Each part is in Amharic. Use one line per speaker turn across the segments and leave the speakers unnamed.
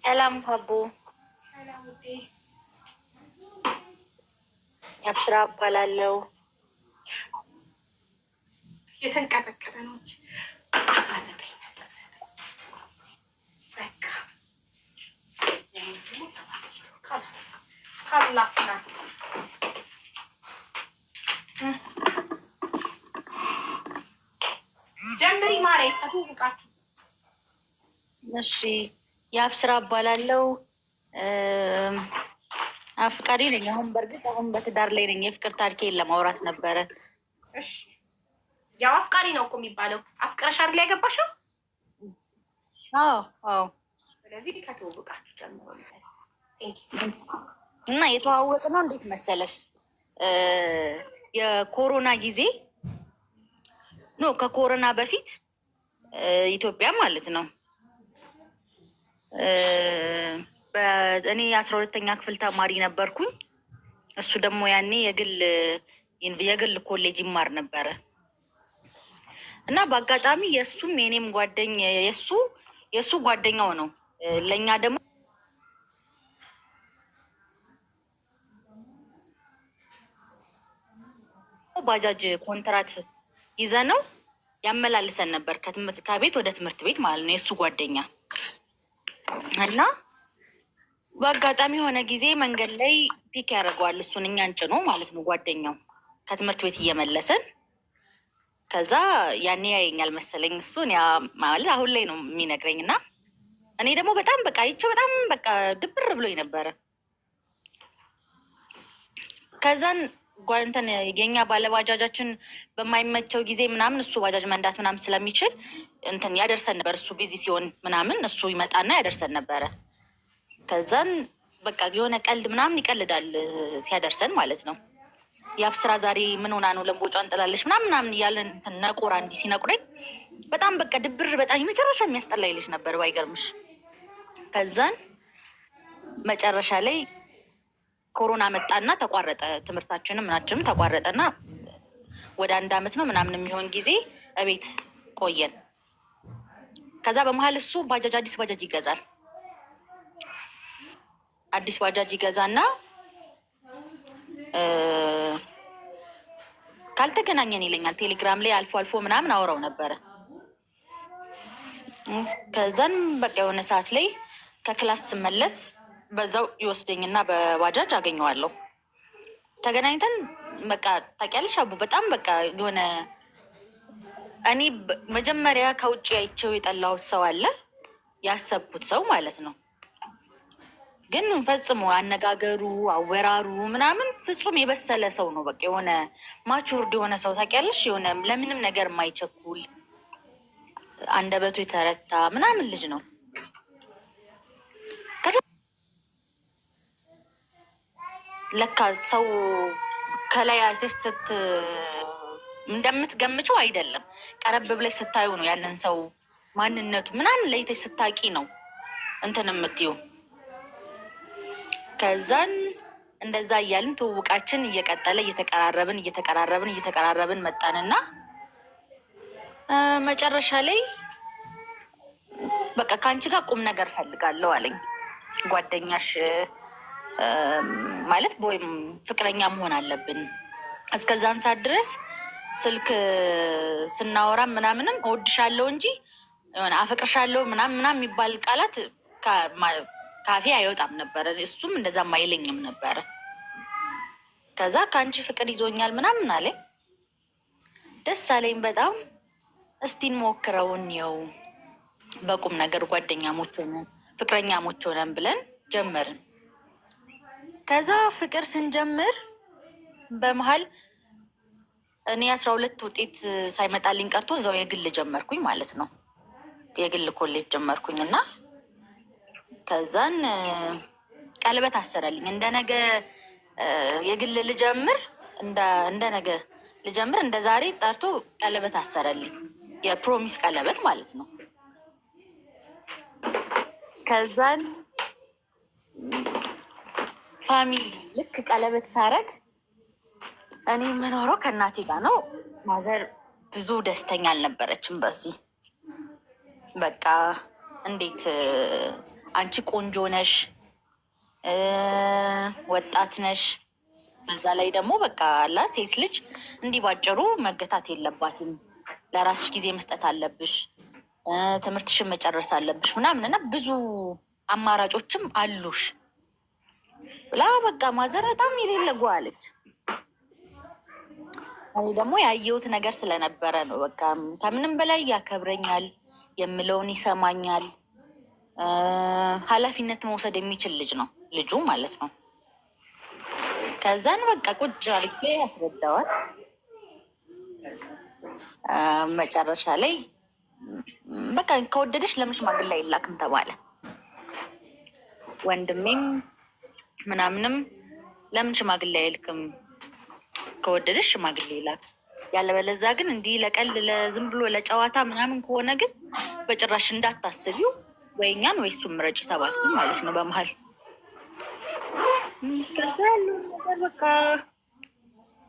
ሰላም ፓቦ ያብስራ እባላለሁ።
የተንቀጠቀጠ ነው። አስራ ዘጠኝ ነጥብ ዘጠኝ በቃ ጀምሪ ማሬ ከቱ
እሺ የአብስራ እባላለሁ። አፍቃሪ ነኝ። አሁን በእርግጥ አሁን በትዳር ላይ ነኝ። የፍቅር ታሪኬን ለማውራት ነበረ።
ያው አፍቃሪ ነው እኮ የሚባለው። አፍቅረሽ አይደል ያገባሽው? አዎ አዎ። ስለዚህ ከተዋወቃችሁ ጀምሮ
እና የተዋወቅ ነው እንዴት መሰለሽ የኮሮና ጊዜ ኖ ከኮሮና በፊት ኢትዮጵያ ማለት ነው እኔ አስራ ሁለተኛ ክፍል ተማሪ ነበርኩኝ። እሱ ደግሞ ያኔ የግል የግል ኮሌጅ ይማር ነበረ እና በአጋጣሚ የእሱም የኔም ጓደኝ የእሱ የእሱ ጓደኛው ነው ለእኛ ደግሞ ባጃጅ ኮንትራት ይዘ ነው ያመላልሰን ነበር ከቤት ወደ ትምህርት ቤት ማለት ነው የእሱ ጓደኛ እና በአጋጣሚ የሆነ ጊዜ መንገድ ላይ ፒክ ያደርገዋል። እሱን እኛን ጭኖ ማለት ነው ጓደኛው ከትምህርት ቤት እየመለሰን ከዛ ያኔ ያየኛል መሰለኝ። እሱን ያ ማለት አሁን ላይ ነው የሚነግረኝ እና እኔ ደግሞ በጣም በቃ ይቸው በጣም በቃ ድብር ብሎኝ ነበረ። ከዛን ጓንተን የኛ ባለባጃጃችን በማይመቸው ጊዜ ምናምን እሱ ባጃጅ መንዳት ምናምን ስለሚችል እንትን ያደርሰን ነበር። እሱ ቢዚ ሲሆን ምናምን እሱ ይመጣና ያደርሰን ነበረ። ከዛን በቃ የሆነ ቀልድ ምናምን ይቀልዳል ሲያደርሰን ማለት ነው። የአብስራ ዛሬ ምን ሆና ነው ለምቦጫን ጥላለች ምናምን ምናምን እያለ ነቁራ እንዲህ ሲነቁረኝ በጣም በቃ ድብር በጣም የመጨረሻ የሚያስጠላ ይልሽ ነበር ባይገርምሽ። ከዛን መጨረሻ ላይ ኮሮና መጣና ተቋረጠ። ትምህርታችንም ምናችንም ተቋረጠና ወደ አንድ አመት ነው ምናምን የሚሆን ጊዜ እቤት ቆየን። ከዛ በመሀል እሱ ባጃጅ አዲስ ባጃጅ ይገዛል። አዲስ ባጃጅ ይገዛና ካልተገናኘን ይለኛል። ቴሌግራም ላይ አልፎ አልፎ ምናምን አውረው ነበረ። ከዛን በቃ የሆነ ሰዓት ላይ ከክላስ ስመለስ በዛው ይወስደኝና በባጃጅ አገኘዋለሁ። ተገናኝተን በቃ ታውቂያለሽ አቡ በጣም በቃ የሆነ እኔ መጀመሪያ ከውጭ አይቼው የጠላሁት ሰው አለ ያሰብኩት ሰው ማለት ነው። ግን ፈጽሞ አነጋገሩ፣ አወራሩ ምናምን ፍጹም የበሰለ ሰው ነው። በቃ የሆነ ማቹርድ የሆነ ሰው ታውቂያለሽ፣ የሆነ ለምንም ነገር የማይቸኩል አንደበቱ የተረታ ምናምን ልጅ ነው። ለካ ሰው ከላይ አይተሽ ስት እንደምትገምችው አይደለም። ቀረብ ብለሽ ስታዩ ነው ያንን ሰው ማንነቱ ምናምን ለይተሽ ስታቂ ነው እንትን የምትዩ። ከዛን እንደዛ እያልን ትውውቃችን እየቀጠለ እየተቀራረብን እየተቀራረብን እየተቀራረብን መጣንና መጨረሻ ላይ በቃ ከአንቺ ጋር ቁም ነገር ፈልጋለሁ አለኝ። ጓደኛሽ ማለት ወይም ፍቅረኛ መሆን አለብን እስከዛን ሰዓት ድረስ ስልክ ስናወራ ምናምንም እወድሻለሁ እንጂ አፈቅርሻለሁ ምናም ምናም የሚባል ቃላት ካፌ አይወጣም ነበረ። እሱም እንደዛም አይለኝም ነበረ። ከዛ ከአንቺ ፍቅር ይዞኛል ምናምን አለኝ። ደስ አለኝ በጣም። እስቲን እንሞክረው እንየው፣ በቁም ነገር ጓደኛሞች ሆነን ፍቅረኛሞች ሆነን ብለን ጀመርን። ከዛ ፍቅር ስንጀምር በመሀል እኔ አስራ ሁለት ውጤት ሳይመጣልኝ ቀርቶ እዛው የግል ጀመርኩኝ ማለት ነው። የግል ኮሌጅ ጀመርኩኝ እና ከዛን ቀለበት አሰረልኝ። እንደ ነገ የግል ልጀምር እንደ ነገ ልጀምር እንደ ዛሬ ጠርቶ ቀለበት አሰረልኝ። የፕሮሚስ ቀለበት ማለት ነው። ከዛን ፋሚሊ ልክ ቀለበት ሳረግ እኔ የምኖረው ከእናቴ ጋር ነው። ማዘር ብዙ ደስተኛ አልነበረችም በዚህ በቃ እንዴት አንቺ ቆንጆ ነሽ፣ ወጣት ነሽ፣ በዛ ላይ ደግሞ በቃ ላ ሴት ልጅ እንዲህ ባጭሩ መገታት የለባትም፣ ለራስሽ ጊዜ መስጠት አለብሽ፣ ትምህርትሽን መጨረስ አለብሽ ምናምን እና ብዙ አማራጮችም አሉሽ ብላ በቃ ማዘር በጣም የሌለ ጓ አለች። እኔ ደግሞ ያየሁት ነገር ስለነበረ ነው። በቃ ከምንም በላይ ያከብረኛል፣ የምለውን ይሰማኛል። ኃላፊነት መውሰድ የሚችል ልጅ ነው ልጁ ማለት ነው። ከዛን በቃ ቁጭ አድርጌ ያስረዳዋት። መጨረሻ ላይ በቃ ከወደደች ለምን ሽማግሌ አይላክም ተባለ። ወንድሜም ምናምንም ለምን ሽማግሌ አይልክም ከወደደሽ ሽማግሌ ይላክ። ያለበለዛ ግን እንዲህ ለቀል ለዝም ብሎ ለጨዋታ ምናምን ከሆነ ግን በጭራሽ እንዳታስቢው ወይ እኛን ወይ እሱን ምረጭ ተባልኩ ማለት ነው። በመሀል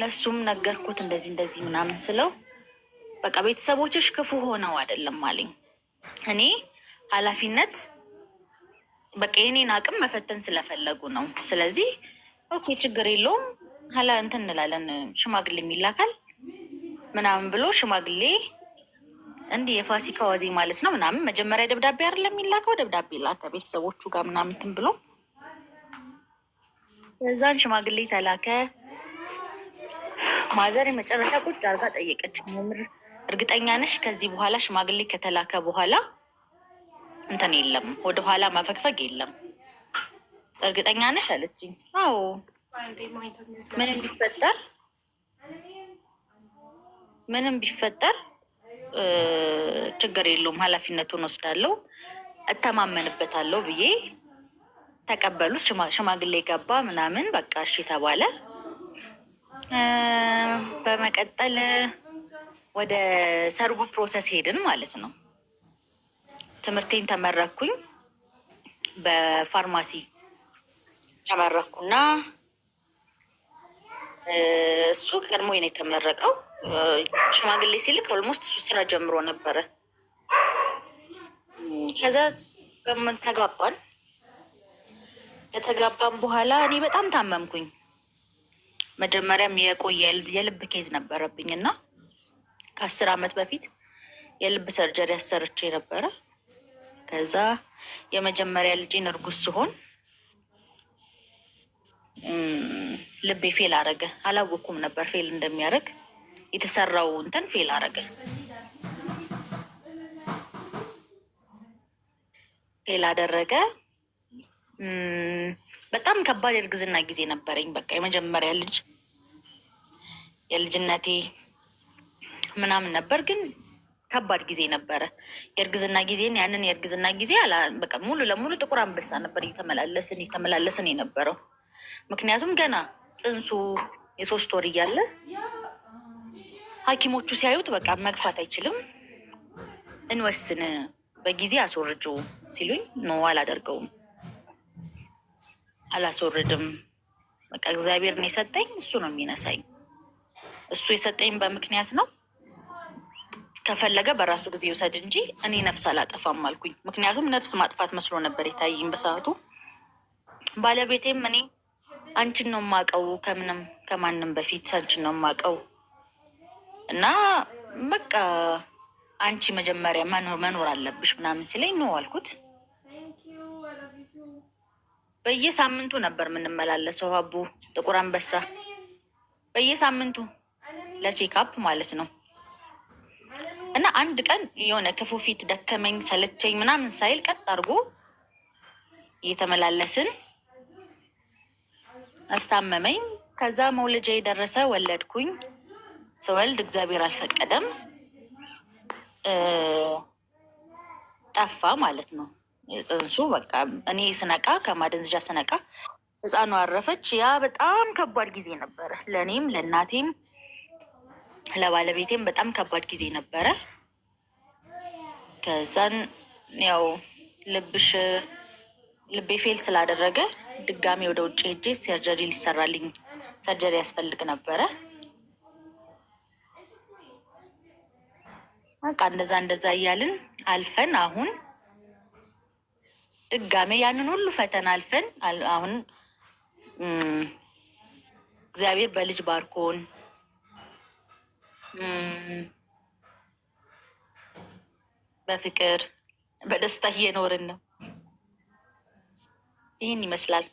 ለእሱም ነገርኩት እንደዚህ እንደዚህ ምናምን ስለው በቃ ቤተሰቦችሽ ክፉ ሆነው አይደለም አለኝ። እኔ ኃላፊነት በቃ የኔን አቅም መፈተን ስለፈለጉ ነው። ስለዚህ ኦኬ ችግር የለውም ሀላ እንትን እንላለን ሽማግሌ የሚላካል ምናምን ብሎ ሽማግሌ እንዲህ የፋሲካ ዋዜ ማለት ነው ምናምን መጀመሪያ ደብዳቤ አይደለም የሚላከው ደብዳቤ ላከ ቤተሰቦቹ ጋር ምናምን እንትን ብሎ እዛን ሽማግሌ ተላከ። ማዘር የመጨረሻ ቁጭ አርጋ ጠየቀች። ምር እርግጠኛ ነሽ ከዚህ በኋላ ሽማግሌ ከተላከ በኋላ እንትን የለም ወደኋላ ማፈግፈግ የለም እርግጠኛ ነሽ አለችኝ። አዎ ምንም ቢፈጠር ምንም ቢፈጠር ችግር የለውም፣ ኃላፊነቱን ወስዳለሁ፣ እተማመንበታለሁ ብዬ ተቀበሉት። ሽማግሌ ገባ ምናምን በቃ እሺ ተባለ። በመቀጠል ወደ ሰርጉ ፕሮሰስ ሄድን ማለት ነው። ትምህርቴን ተመረኩኝ፣ በፋርማሲ ተመረኩና እሱ ቀድሞ ነው የተመረቀው። ሽማግሌ ሲልክ ኦልሞስት እሱ ስራ ጀምሮ ነበረ። ከዛ በምን ተጋባን። ከተጋባን በኋላ እኔ በጣም ታመምኩኝ። መጀመሪያም የቆየ የልብ ኬዝ ነበረብኝ እና ከአስር አመት በፊት የልብ ሰርጀሪ አሰርቼ ነበረ። ከዛ የመጀመሪያ ልጄን እርጉዝ ሲሆን። ልቤ ፌል አረገ። አላወኩም ነበር ፌል እንደሚያደርግ የተሰራው እንትን ፌል አረገ። ፌል አደረገ። በጣም ከባድ የእርግዝና ጊዜ ነበረኝ። በቃ የመጀመሪያ ልጅ የልጅነቴ ምናምን ነበር፣ ግን ከባድ ጊዜ ነበረ። የእርግዝና ጊዜን ያንን የእርግዝና ጊዜ በቃ ሙሉ ለሙሉ ጥቁር አንበሳ ነበር። እየተመላለስን እየተመላለስን የነበረው ምክንያቱም ገና ጽንሱ የሶስት ወር እያለ ሐኪሞቹ ሲያዩት በቃ መግፋት አይችልም እንወስን በጊዜ አስወርጁ ሲሉኝ ኖ አላደርገውም፣ አላስወርድም። በቃ እግዚአብሔር ነው የሰጠኝ፣ እሱ ነው የሚነሳኝ። እሱ የሰጠኝ በምክንያት ነው። ከፈለገ በራሱ ጊዜ ውሰድ እንጂ እኔ ነፍስ አላጠፋም አልኩኝ። ምክንያቱም ነፍስ ማጥፋት መስሎ ነበር የታይኝ በሰዓቱ ባለቤቴም እኔ አንቺን ነው የማውቀው፣ ከምንም ከማንም በፊት አንቺን ነው የማውቀው እና በቃ አንቺ መጀመሪያ መኖር አለብሽ ምናምን ሲለኝ ነው አልኩት። በየሳምንቱ ነበር የምንመላለሰው አቡ ጥቁር አንበሳ በየሳምንቱ ለቼክአፕ ማለት ነው። እና አንድ ቀን የሆነ ክፉ ፊት ደከመኝ ሰለቸኝ ምናምን ሳይል ቀጥ አድርጎ እየተመላለስን አስታመመኝ። ከዛ መውለጃ የደረሰ ወለድኩኝ። ስወልድ እግዚአብሔር አልፈቀደም ጠፋ ማለት ነው ጽንሱ። በቃ እኔ ስነቃ ከማደንዝዣ ስነቃ ህፃኗ አረፈች። ያ በጣም ከባድ ጊዜ ነበረ ለእኔም ለእናቴም ለባለቤቴም በጣም ከባድ ጊዜ ነበረ። ከዛን ያው ልብሽ ልቤ ፌል ስላደረገ ድጋሜ ወደ ውጭ ሄጂ ሰርጀሪ ሊሰራልኝ ሰርጀሪ ያስፈልግ ነበረ። በቃ እንደዛ እንደዛ እያልን አልፈን አሁን ድጋሜ ያንን ሁሉ ፈተና አልፈን አሁን እግዚአብሔር በልጅ ባርኮን በፍቅር በደስታ እየኖርን ነው። ይህን ይመስላል።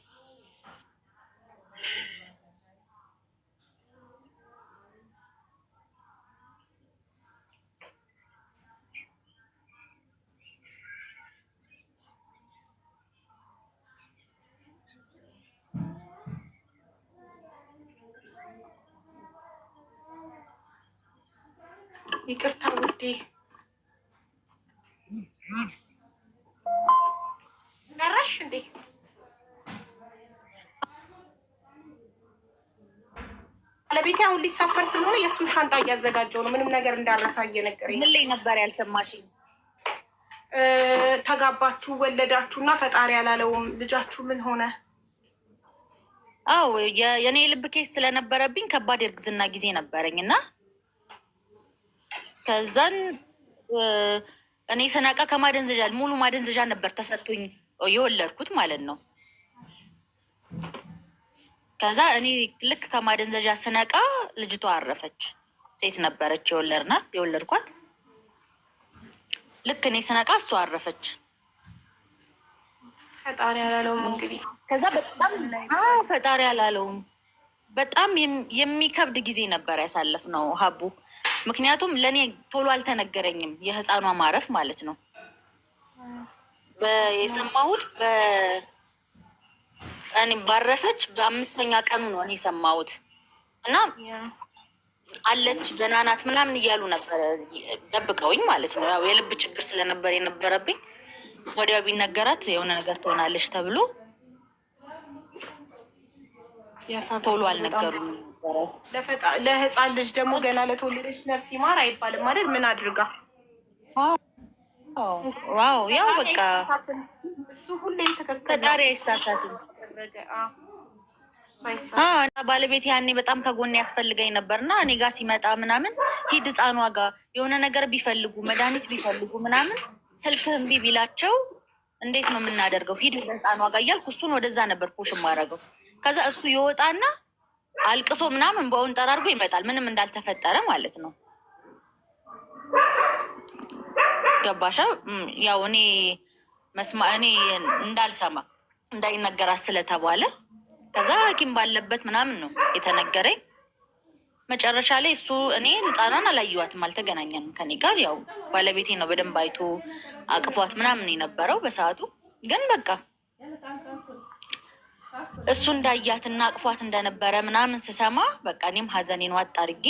ይቅርታ ውዴ ደረሽ እንዴ? ባለቤቴ አሁን ሊሳፈር ስለሆነ የእሱን ሻንጣ እያዘጋጀው ነው። ምንም ነገር እንዳረሳ እየነገረኝ
ምን ላይ ነበር ያልሰማሽኝ?
ተጋባችሁ ወለዳችሁና ፈጣሪ ያላለውም ልጃችሁ ምን ሆነ?
አው የእኔ ልብ ኬስ ስለነበረብኝ ከባድ እርግዝና ጊዜ ነበረኝ እና ከዛን እኔ ስነቃ ከማደንዘዣ ሙሉ ማደንዘዣ ነበር ተሰጥቶኝ የወለድኩት ማለት ነው። ከዛ እኔ ልክ ከማደንዘዣ ስነቃ ልጅቷ አረፈች። ሴት ነበረች የወለድናት የወለድኳት። ልክ እኔ ስነቃ እሷ አረፈች።
ፈጣሪ አላለውም እንግዲህ።
ከዛ በጣም ፈጣሪ አላለውም። በጣም የሚከብድ ጊዜ ነበር ያሳለፍነው ሀቡ። ምክንያቱም ለእኔ ቶሎ አልተነገረኝም የህፃኗ ማረፍ ማለት ነው የሰማሁት እኔ ባረፈች በአምስተኛ ቀኑ ነው እኔ የሰማሁት እና አለች ገና ናት ምናምን እያሉ ነበረ ደብቀውኝ ማለት ነው። ያው የልብ ችግር ስለነበር የነበረብኝ ወዲያው ቢነገራት የሆነ ነገር ትሆናለች ተብሎ ተብሎ አልነገሩም
ለህፃን ልጅ ደግሞ ገና ለተወለደች ነፍስ ይማር አይባልም አይደል? ምን አድርጋ
ዋው! ያው በቃ እሱ ሁሌም ፈጣሪ አይሳሳትም። እና ባለቤት ያኔ በጣም ከጎን ያስፈልገኝ ነበር እና እኔ ጋር ሲመጣ ምናምን ሂድ ህፃኗ ጋር የሆነ ነገር ቢፈልጉ መድኃኒት ቢፈልጉ ምናምን ስልክ እምቢ ቢላቸው እንዴት ነው የምናደርገው? ሂድ ህፃኗ ጋር እያልኩ እሱን ወደዛ ነበር ፖሽ ማድረገው። ከዛ እሱ የወጣና አልቅሶ ምናምን በውን ጠራርጎ ይመጣል። ምንም እንዳልተፈጠረ ማለት ነው። ገባሻ? ያው እኔ መስማ እኔ እንዳልሰማ እንዳይነገራት ስለተባለ ከዛ ሐኪም ባለበት ምናምን ነው የተነገረኝ። መጨረሻ ላይ እሱ እኔ ህፃኗን አላየዋትም፣ አልተገናኘንም ከኔ ጋር ያው ባለቤቴ ነው በደንብ አይቶ አቅፏት ምናምን የነበረው በሰዓቱ ግን በቃ እሱ እንዳያትና አቅፏት እንደነበረ ምናምን ስሰማ በቃ እኔም ሀዘኔን ዋጥ አድርጌ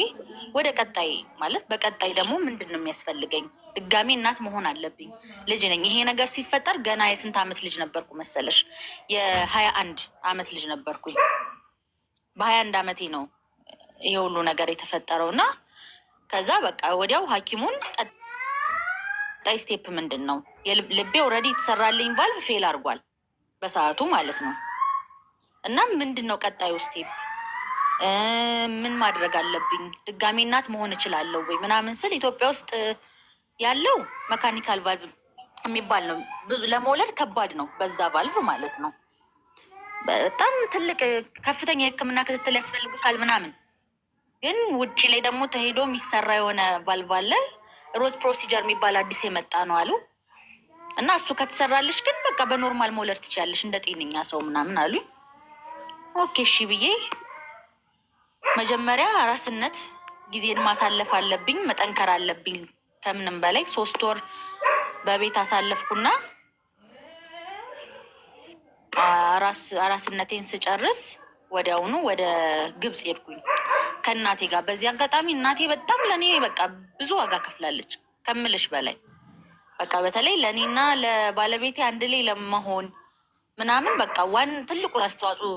ወደ ቀጣይ ማለት በቀጣይ ደግሞ ምንድን ነው የሚያስፈልገኝ? ድጋሜ እናት መሆን አለብኝ። ልጅ ነኝ። ይሄ ነገር ሲፈጠር ገና የስንት ዓመት ልጅ ነበርኩ መሰለሽ? የሀያ አንድ አመት ልጅ ነበርኩኝ። በሀያ አንድ አመቴ ነው ይሄ ሁሉ ነገር የተፈጠረው እና ከዛ በቃ ወዲያው ሐኪሙን ቀጣይ ስቴፕ ምንድን ነው ልቤ ኦልሬዲ የተሰራልኝ ቫልቭ ፌል አድርጓል በሰዓቱ ማለት ነው እና ምንድን ነው ቀጣይ ስቴፕ? ምን ማድረግ አለብኝ? ድጋሜ እናት መሆን እችላለሁ ወይ ምናምን ስል ኢትዮጵያ ውስጥ ያለው መካኒካል ቫልቭ የሚባል ነው። ብዙ ለመውለድ ከባድ ነው፣ በዛ ቫልቭ ማለት ነው። በጣም ትልቅ ከፍተኛ የሕክምና ክትትል ያስፈልግሻል ምናምን። ግን ውጭ ላይ ደግሞ ተሄዶ የሚሰራ የሆነ ቫልቭ አለ፣ ሮዝ ፕሮሲጀር የሚባል አዲስ የመጣ ነው አሉ እና እሱ ከተሰራልሽ ግን በቃ በኖርማል መውለድ ትችላለች እንደ ጤነኛ ሰው ምናምን አሉ። ኦኬ እሺ ብዬ መጀመሪያ ራስነት ጊዜን ማሳለፍ አለብኝ፣ መጠንከር አለብኝ። ከምንም በላይ ሶስት ወር በቤት አሳለፍኩና አራስነቴን ስጨርስ ወዲያውኑ ወደ ግብፅ ሄድኩኝ ከእናቴ ጋር። በዚህ አጋጣሚ እናቴ በጣም ለእኔ በቃ ብዙ ዋጋ ከፍላለች ከምልሽ በላይ በቃ በተለይ ለእኔና ለባለቤቴ አንድ ላይ ለመሆን ምናምን በቃ ዋን ትልቁን አስተዋጽኦ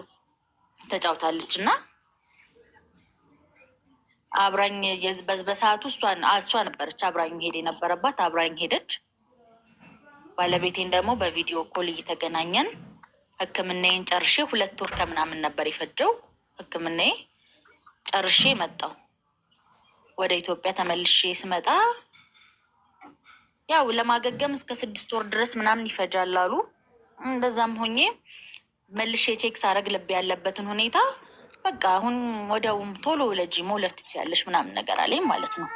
ተጫውታለች እና አብራኝ በሰዓቱ እሷ ነበረች አብራኝ ሄድ የነበረባት አብራኝ ሄደች። ባለቤቴን ደግሞ በቪዲዮ ኮል እየተገናኘን ሕክምናዬን ጨርሼ ሁለት ወር ከምናምን ነበር የፈጀው። ሕክምናዬ ጨርሼ መጣው ወደ ኢትዮጵያ ተመልሼ ስመጣ ያው ለማገገም እስከ ስድስት ወር ድረስ ምናምን ይፈጃል አሉ። እንደዛም ሆኜ መልሼ ቼክ ሳረግ ልብ ያለበትን ሁኔታ በቃ አሁን ወደውም ቶሎ ለጂ መውለድ ትችያለሽ ምናምን ነገር አለኝ ማለት ነው።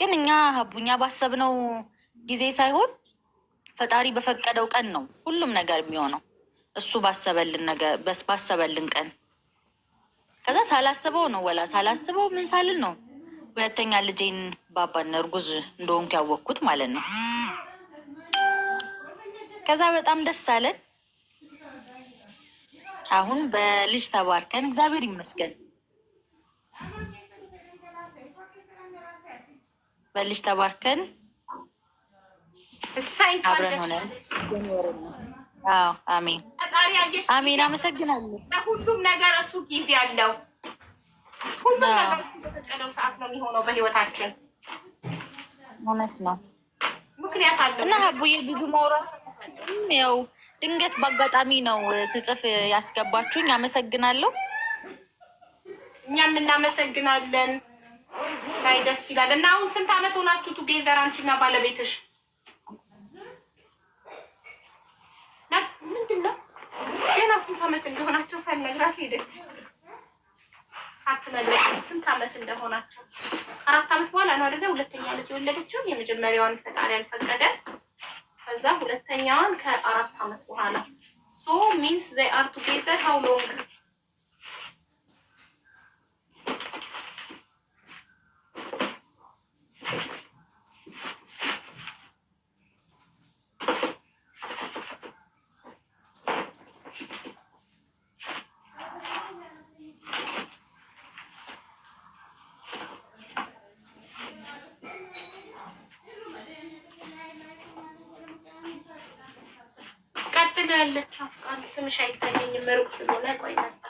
ግን እኛ ሀቡኛ ባሰብነው ጊዜ ሳይሆን ፈጣሪ በፈቀደው ቀን ነው ሁሉም ነገር የሚሆነው። እሱ ባሰበልን ነገር ባሰበልን ቀን ከዛ ሳላስበው ነው ወላ ሳላስበው ምን ሳልል ነው ሁለተኛ ልጄን ባባን እርጉዝ እንደሆንኩ ያወቅኩት ማለት ነው። ከዛ በጣም ደስ አለን። አሁን በልጅ ተባርከን እግዚአብሔር ይመስገን በልጅ ተባርከን አብረን ሆነን የሚወርን ነው። አሜን አሜን። አመሰግናለሁ።
ሁሉም ነገር እሱ ጊዜ አለው። ሁሉም ነገር እሱ በፈቀደው ሰዓት ነው የሚሆነው በህይወታችን።
እውነት ነው፣ ምክንያት አለው እና ሀቡዬ ብዙ ማውራት ያው ድንገት በአጋጣሚ ነው ስጽፍ ያስገባችሁኝ። አመሰግናለሁ።
እኛም እናመሰግናለን። ሳይ ደስ ይላል። እና አሁን ስንት አመት ሆናችሁ ቱጌዘር አንቺና ባለቤትሽ? ምንድን ነው ገና ስንት አመት እንደሆናቸው ሳልነግራት ሄደች። ሳትነግረች ስንት አመት እንደሆናቸው። አራት አመት በኋላ ነው አይደለ ሁለተኛ ልጅ የወለደችው። የመጀመሪያዋን ፈጣሪ ያልፈቀደ ከዛ ሁለተኛዋን ከአራት አመት በኋላ ሶ ሚንስ ዘይ አር ቱጌዘር ሃው ሎንግ ያለችው አፍቃሪ ስምሽ አይታየኝም ሩቅ ስለሆነ ቆይታል